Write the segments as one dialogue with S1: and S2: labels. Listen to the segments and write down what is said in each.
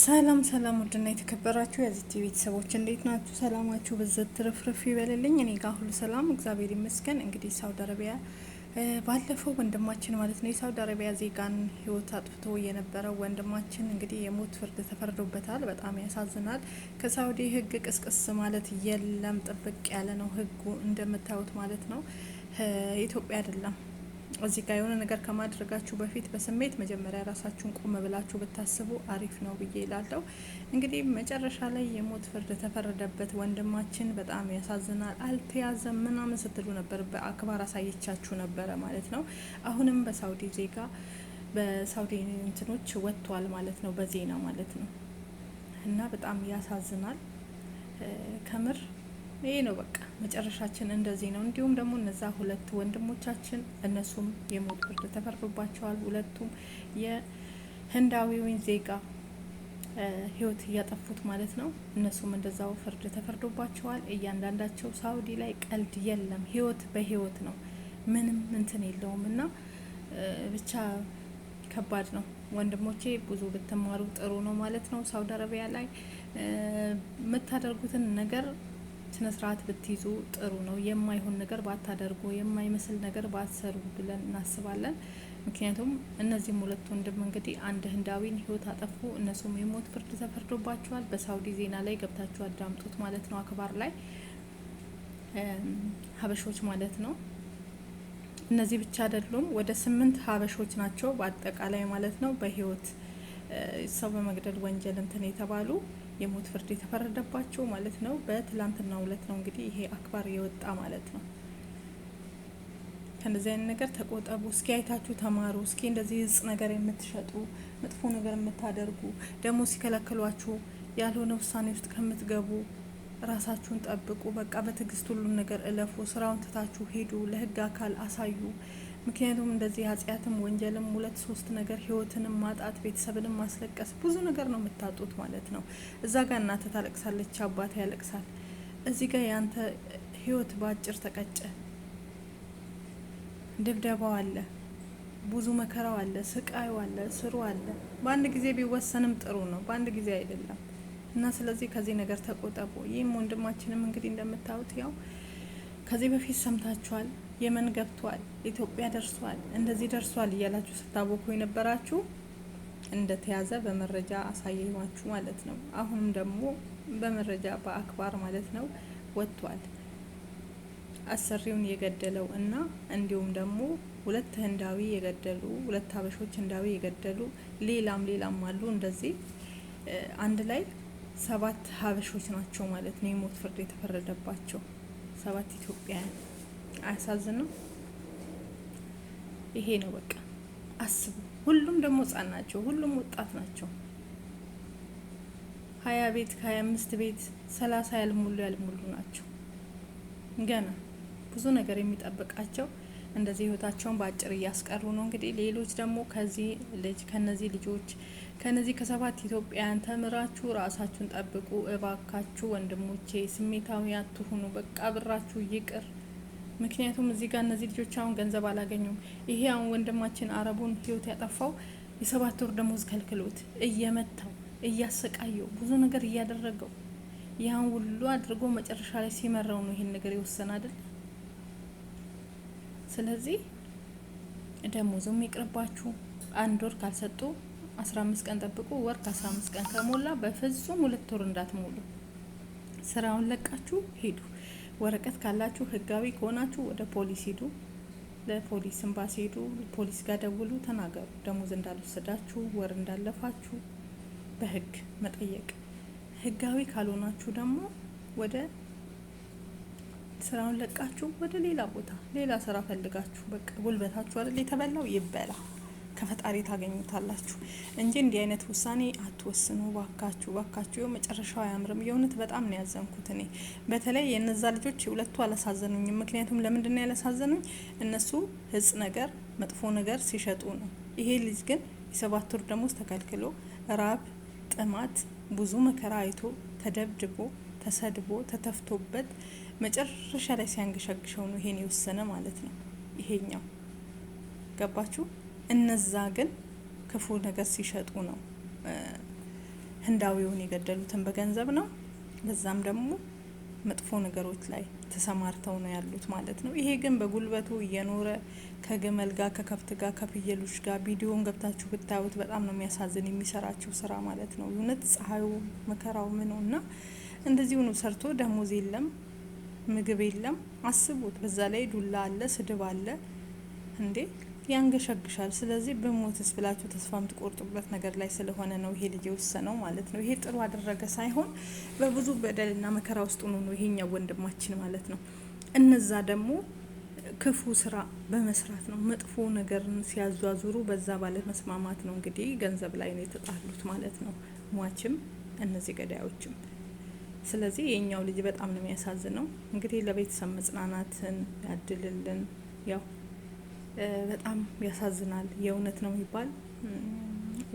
S1: ሰላም ሰላም፣ ውድና የተከበራችሁ የዚህ ቲቪ ቤተሰቦች እንዴት ናችሁ? ሰላማችሁ በዘት ትርፍርፍ ይበልልኝ። እኔ ጋር ሁሉ ሰላም እግዚአብሔር ይመስገን። እንግዲህ ሳውዲ አረቢያ ባለፈው ወንድማችን ማለት ነው የሳውዲ አረቢያ ዜጋን ህይወት አጥፍቶ የነበረው ወንድማችን እንግዲህ የሞት ፍርድ ተፈርዶበታል። በጣም ያሳዝናል። ከሳውዲ ህግ ቅስቅስ ማለት የለም ጥብቅ ያለ ነው ህጉ እንደምታዩት ማለት ነው። ኢትዮጵያ አይደለም እዚህ ጋር የሆነ ነገር ከማድረጋችሁ በፊት በስሜት መጀመሪያ ራሳችሁን ቆም ብላችሁ ብታስቡ አሪፍ ነው ብዬ ይላለው እንግዲህ መጨረሻ ላይ የሞት ፍርድ ተፈረደበት ወንድማችን በጣም ያሳዝናል። አልተያዘም ምናምን ስትሉ ነበር። በአክባር አሳየቻችሁ ነበረ ማለት ነው። አሁንም በሳውዲ ዜጋ በሳውዲ እንትኖች ወጥቷል ማለት ነው፣ በዜና ማለት ነው። እና በጣም ያሳዝናል ከምር ይሄ ነው በቃ መጨረሻችን እንደዚህ ነው። እንዲሁም ደግሞ እነዛ ሁለት ወንድሞቻችን እነሱም የሞት ፍርድ ተፈርዶባቸዋል። ሁለቱም የህንዳዊውን ዜጋ ህይወት እያጠፉት ማለት ነው። እነሱም እንደዛው ፍርድ ተፈርዶባቸዋል። እያንዳንዳቸው ሳውዲ ላይ ቀልድ የለም። ህይወት በህይወት ነው። ምንም እንትን የለውም እና ብቻ ከባድ ነው ወንድሞቼ፣ ብዙ ብትማሩ ጥሩ ነው ማለት ነው። ሳውዲ አረቢያ ላይ የምታደርጉትን ነገር ስነ ስርዓት ብትይዙ ጥሩ ነው። የማይሆን ነገር ባታደርጉ፣ የማይመስል ነገር ባትሰሩ ብለን እናስባለን። ምክንያቱም እነዚህም ሁለት ወንድም እንግዲህ አንድ ህንዳዊን ህይወት አጠፉ። እነሱም የሞት ፍርድ ተፈርዶባቸዋል። በሳውዲ ዜና ላይ ገብታችሁ አዳምጡት ማለት ነው። አክባር ላይ ሀበሾች ማለት ነው። እነዚህ ብቻ አይደሉም። ወደ ስምንት ሀበሾች ናቸው በአጠቃላይ ማለት ነው። በህይወት ሰው በመግደል ወንጀል እንትን የተባሉ የሞት ፍርድ የተፈረደባቸው ማለት ነው። በትላንትና ሁለት ነው እንግዲህ ይሄ አክባር የወጣ ማለት ነው። ከእንደዚህ አይነት ነገር ተቆጠቡ። እስኪ አይታችሁ ተማሩ። እስኪ እንደዚህ እጽ ነገር የምትሸጡ መጥፎ ነገር የምታደርጉ ደግሞ ሲከለክሏችሁ ያልሆነ ውሳኔ ውስጥ ከምትገቡ ራሳችሁን ጠብቁ። በቃ በትዕግስት ሁሉን ነገር እለፉ። ስራውን ትታችሁ ሄዱ። ለህግ አካል አሳዩ። ምክንያቱም እንደዚህ ኃጢአትም ወንጀልም ሁለት ሶስት ነገር ህይወትንም ማጣት ቤተሰብንም ማስለቀስ ብዙ ነገር ነው የምታጡት ማለት ነው። እዛ ጋር እናተ ታለቅሳለች፣ አባት ያለቅሳል። እዚህ ጋር ያንተ ህይወት በአጭር ተቀጨ። ድብደባው አለ፣ ብዙ መከራው አለ፣ ስቃዩ አለ፣ ስሩ አለ። በአንድ ጊዜ ቢወሰንም ጥሩ ነው፣ በአንድ ጊዜ አይደለም እና ስለዚህ ከዚህ ነገር ተቆጠቡ። ይህም ወንድማችንም እንግዲህ እንደምታዩት ያው ከዚህ በፊት ሰምታችኋል። የመን ገብቷል፣ ኢትዮጵያ ደርሷል፣ እንደዚህ ደርሷል እያላችሁ ስታቦኩ የነበራችሁ እንደተያዘ በመረጃ አሳየኋችሁ ማለት ነው። አሁንም ደግሞ በመረጃ በአክባር ማለት ነው ወጥቷል። አሰሪውን የገደለው እና እንዲሁም ደግሞ ሁለት ህንዳዊ የገደሉ ሁለት ሀበሾች ህንዳዊ የገደሉ ሌላም ሌላም አሉ። እንደዚህ አንድ ላይ ሰባት ሀበሾች ናቸው ማለት ነው የሞት ፍርድ የተፈረደባቸው ሰባት ኢትዮጵያውያን አያሳዝንም? ይሄ ነው በቃ አስቡ። ሁሉም ደግሞ ህጻን ናቸው፣ ሁሉም ወጣት ናቸው። ሀያ ቤት ከሀያ አምስት ቤት ሰላሳ ያልሞሉ ያልሞሉ ናቸው። ገና ብዙ ነገር የሚጠብቃቸው እንደዚህ ህይወታቸውን በአጭር እያስቀሩ ነው። እንግዲህ ሌሎች ደግሞ ከዚህ ልጅ ከነዚህ ልጆች ከነዚህ ከሰባት ኢትዮጵያውያን ተምራችሁ ራሳችሁን ጠብቁ እባካችሁ ወንድሞቼ። ስሜታዊ አትሁኑ። በቃ ብራችሁ ይቅር። ምክንያቱም እዚህ ጋር እነዚህ ልጆች አሁን ገንዘብ አላገኙም። ይሄ አሁን ወንድማችን አረቡን ህይወት ያጠፋው የሰባት ወር ደሞዝ ከልክሎት እየመታው እያሰቃየው ብዙ ነገር እያደረገው ያን ሁሉ አድርጎ መጨረሻ ላይ ሲመራው ነው ይሄን ነገር የወሰነ አይደል? ስለዚህ ደሞዙም ይቅርባችሁ። አንድ ወር ካልሰጡ አስራ አምስት ቀን ጠብቁ። ወር ከአስራ አምስት ቀን ከሞላ በፍጹም ሁለት ወር እንዳትሞሉ ስራውን ለቃችሁ ሄዱ ወረቀት ካላችሁ ህጋዊ ከሆናችሁ ወደ ፖሊስ ሂዱ፣ ለፖሊስ እምባሲ ሂዱ፣ ፖሊስ ጋር ደውሉ፣ ተናገሩ። ደሞዝ እንዳልወሰዳችሁ ወር እንዳለፋችሁ በህግ መጠየቅ። ህጋዊ ካልሆናችሁ ደግሞ ወደ ስራውን ለቃችሁ ወደ ሌላ ቦታ ሌላ ስራ ፈልጋችሁ በቃ ጉልበታችሁ አይደል የተበላው ይበላ። ከፈጣሪ ታገኙታላችሁ እንጂ እንዲህ አይነት ውሳኔ አትወስኑ ባካችሁ፣ ባካችሁ መጨረሻው አያምርም። የእውነት በጣም ነው ያዘንኩት እኔ በተለይ የነዛ ልጆች ሁለቱ አላሳዘኑኝም። ምክንያቱም ለምንድን ነው ያላሳዘኑኝ? እነሱ ህጽ ነገር መጥፎ ነገር ሲሸጡ ነው። ይሄ ልጅ ግን የሰባት ወር ደሞዝ ተከልክሎ ራብ፣ ጥማት፣ ብዙ መከራ አይቶ ተደብድቦ ተሰድቦ ተተፍቶበት መጨረሻ ላይ ሲያንገሸግሸው ነው ይሄን የወሰነ ማለት ነው። ይሄኛው ገባችሁ? እነዛ ግን ክፉ ነገር ሲሸጡ ነው ህንዳዊውን የገደሉትን በገንዘብ ነው። በዛም ደግሞ መጥፎ ነገሮች ላይ ተሰማርተው ነው ያሉት ማለት ነው። ይሄ ግን በጉልበቱ እየኖረ ከግመል ጋር ከከብት ጋር ከፍየሎች ጋር ቪዲዮን ገብታችሁ ብታዩት በጣም ነው የሚያሳዝን የሚሰራቸው ስራ ማለት ነው። እውነት ፀሐዩ መከራው ምነው እና እንደዚሁ ነው ሰርቶ ደሞዝ የለም ምግብ የለም አስቡት። በዛ ላይ ዱላ አለ ስድብ አለ እንዴ ያንገሸግሻል። ስለዚህ ብሞትስ ብላችሁ ተስፋ የምትቆርጡበት ነገር ላይ ስለሆነ ነው ይሄ ልጅ የወሰነው ማለት ነው። ይሄ ጥሩ አደረገ ሳይሆን በብዙ በደልና መከራ ውስጥ ሆኖ ነው ይሄኛው ወንድማችን ማለት ነው። እነዛ ደግሞ ክፉ ስራ በመስራት ነው መጥፎ ነገርን ሲያዟዙሩ በዛ መስማማት ነው እንግዲህ ገንዘብ ላይ ነው የተጣሉት ማለት ነው። ሟችም እነዚህ ገዳዮችም። ስለዚህ የኛው ልጅ በጣም ነው የሚያሳዝነው። እንግዲህ ለቤተሰብ መጽናናትን ያድልልን ያው በጣም ያሳዝናል። የእውነት ነው የሚባል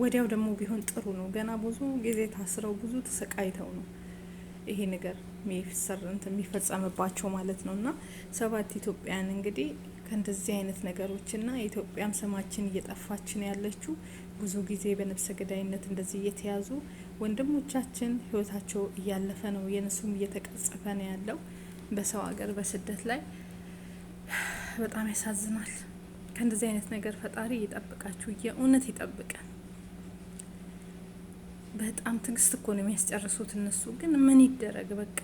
S1: ወዲያው ደግሞ ቢሆን ጥሩ ነው። ገና ብዙ ጊዜ ታስረው ብዙ ተሰቃይተው ነው ይሄ ነገር የሚፈጸምባቸው ማለት ነው። እና ሰባት ኢትዮጵያን እንግዲህ ከእንደዚህ አይነት ነገሮችና የኢትዮጵያም ስማችን እየጠፋችን ያለችው ብዙ ጊዜ በነፍሰ ገዳይነት እንደዚህ እየተያዙ ወንድሞቻችን ህይወታቸው እያለፈ ነው፣ የነሱም እየተቀጸፈ ነው ያለው በሰው ሀገር በስደት ላይ በጣም ያሳዝናል። ከእንደዚህ አይነት ነገር ፈጣሪ ይጠብቃችሁ፣ የእውነት ይጠብቀን። በጣም ትግስት እኮ ነው የሚያስጨርሱት እነሱ። ግን ምን ይደረግ በቃ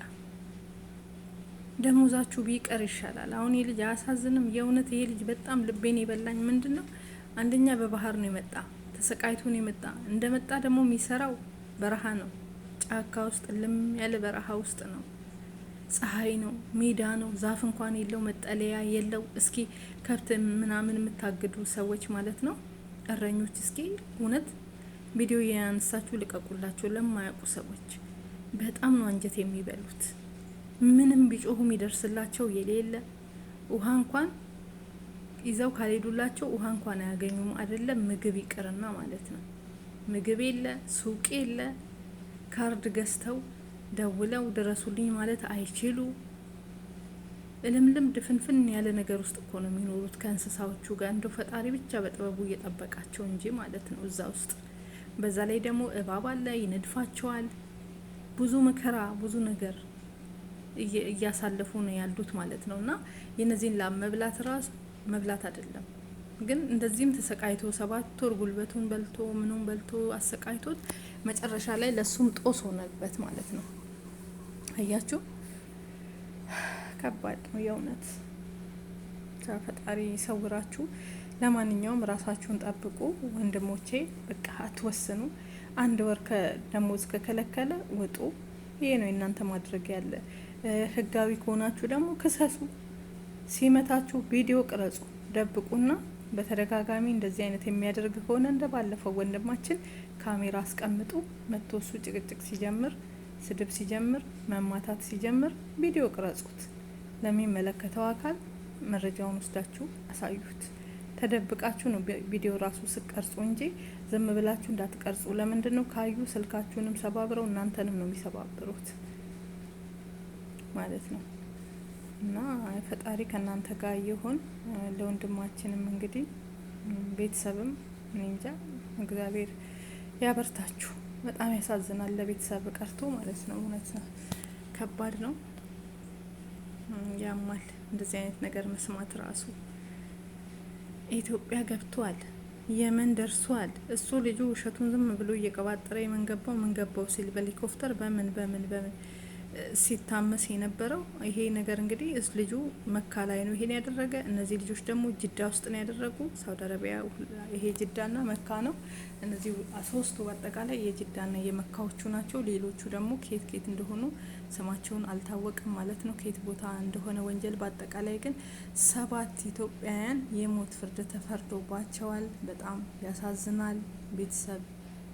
S1: ደሞዛችሁ ቢቀር ይሻላል። አሁን ይህ ልጅ አያሳዝንም? የእውነት ይሄ ልጅ በጣም ልቤን የበላኝ ምንድን ነው፣ አንደኛ በባህር ነው የመጣ ተሰቃይቶ ነው የመጣ። እንደመጣ ደግሞ የሚሰራው በረሃ ነው፣ ጫካ ውስጥ ልም ያለ በረሃ ውስጥ ነው። ፀሐይ ነው፣ ሜዳ ነው፣ ዛፍ እንኳን የለው፣ መጠለያ የለው። እስኪ ከብት ምናምን የምታግዱ ሰዎች ማለት ነው እረኞች፣ እስኪ እውነት ቪዲዮ ያነሳችሁ ልቀቁላቸው ለማያውቁ ሰዎች። በጣም ነው አንጀት የሚበሉት። ምንም ቢጮሁ የሚደርስላቸው የሌለ ውሃ እንኳን ይዘው ካልሄዱላቸው ውሃ እንኳን አያገኙም። አይደለም ምግብ ይቅርና ማለት ነው ምግብ የለ፣ ሱቅ የለ፣ ካርድ ገዝተው ደውለው ድረሱልኝ ማለት አይችሉ እልምልም ድፍንፍን ያለ ነገር ውስጥ እኮ ነው የሚኖሩት ከእንስሳዎቹ ጋር። እንደው ፈጣሪ ብቻ በጥበቡ እየጠበቃቸው እንጂ ማለት ነው እዛ ውስጥ። በዛ ላይ ደግሞ እባብ አለ ይነድፋቸዋል። ብዙ መከራ ብዙ ነገር እያሳለፉ ነው ያሉት ማለት ነው። እና የነዚህን ላም መብላት ራሱ መብላት አይደለም ግን እንደዚህም ተሰቃይቶ ሰባት ወር ጉልበቱን በልቶ ምኑን በልቶ አሰቃይቶት መጨረሻ ላይ ለሱም ጦስ ሆነበት ማለት ነው። አያችሁ፣ ከባድ ነው የእውነት። ፈጣሪ ይሰውራችሁ። ለማንኛውም ራሳችሁን ጠብቁ ወንድሞቼ። በቃ አትወስኑ። አንድ ወር ከደሞዝ ከከለከለ ውጡ። ይሄ ነው የእናንተ ማድረግ ያለ። ህጋዊ ከሆናችሁ ደግሞ ክሰሱ። ሲመታችሁ ቪዲዮ ቅረጹ፣ ደብቁና በተደጋጋሚ እንደዚህ አይነት የሚያደርግ ከሆነ እንደ ባለፈው ወንድማችን ካሜራ አስቀምጡ። መጥቶ እሱ ጭቅጭቅ ሲጀምር ስድብ ሲጀምር፣ መማታት ሲጀምር ቪዲዮ ቅረጹት፣ ለሚመለከተው አካል መረጃውን ወስዳችሁ አሳዩት። ተደብቃችሁ ነው ቪዲዮ ራሱ ስቀርጹ እንጂ ዝም ብላችሁ እንዳትቀርጹ። ለምንድን ነው ካዩ ስልካችሁንም ሰባብረው እናንተንም ነው የሚሰባብሩት ማለት ነው። እና ፈጣሪ ከእናንተ ጋር ይሁን። ለወንድማችንም እንግዲህ ቤተሰብም እኔ እንጃ እግዚአብሔር ያበርታችሁ። በጣም ያሳዝናል። ለቤተሰብ ቀርቶ ማለት ነው። እውነት ነው፣ ከባድ ነው፣ ያማል። እንደዚህ አይነት ነገር መስማት ራሱ ኢትዮጵያ ገብቷል፣ የመን ደርሷል። እሱ ልጁ ውሸቱን ዝም ብሎ እየቀባጠረ የምንገባው ምንገባው ሲል በሄሊኮፕተር በምን በምን በምን ሲታመስ የነበረው ይሄ ነገር እንግዲህ እስ ልጁ መካ ላይ ነው ይሄን ያደረገ። እነዚህ ልጆች ደግሞ ጅዳ ውስጥ ነው ያደረጉ፣ ሳውዲ አረቢያ። ይሄ ጅዳና መካ ነው። እነዚህ ሶስቱ በአጠቃላይ የጅዳና የመካዎቹ ናቸው። ሌሎቹ ደግሞ ኬት ኬት እንደሆኑ ስማቸውን አልታወቅም ማለት ነው፣ ኬት ቦታ እንደሆነ ወንጀል። በአጠቃላይ ግን ሰባት ኢትዮጵያውያን የሞት ፍርድ ተፈርዶባቸዋል። በጣም ያሳዝናል ቤተሰብ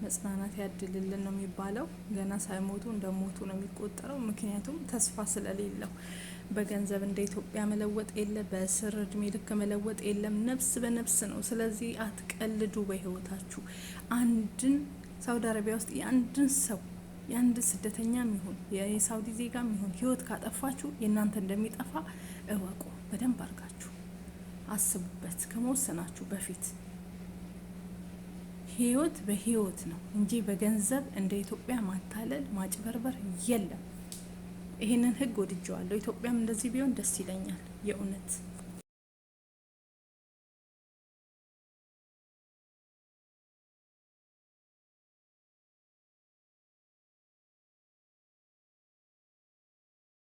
S1: መጽናናት ያድልልን ነው የሚባለው። ገና ሳይሞቱ እንደሞቱ ነው የሚቆጠረው። ምክንያቱም ተስፋ ስለሌለው በገንዘብ እንደ ኢትዮጵያ መለወጥ የለ፣ በእስር እድሜ ልክ መለወጥ የለም። ነፍስ በነፍስ ነው። ስለዚህ አትቀልዱ በህይወታችሁ። አንድን ሳውዲ አረቢያ ውስጥ የአንድን ሰው የአንድ ስደተኛም ይሁን የሳውዲ ዜጋም ይሁን ህይወት ካጠፋችሁ የእናንተ እንደሚጠፋ እወቁ። በደንብ አርጋችሁ አስቡበት ከመወሰናችሁ በፊት ህይወት በህይወት ነው እንጂ በገንዘብ እንደ ኢትዮጵያ ማታለል ማጭበርበር የለም። ይህንን ህግ ወድጀዋለሁ። ኢትዮጵያም እንደዚህ ቢሆን ደስ ይለኛል የእውነት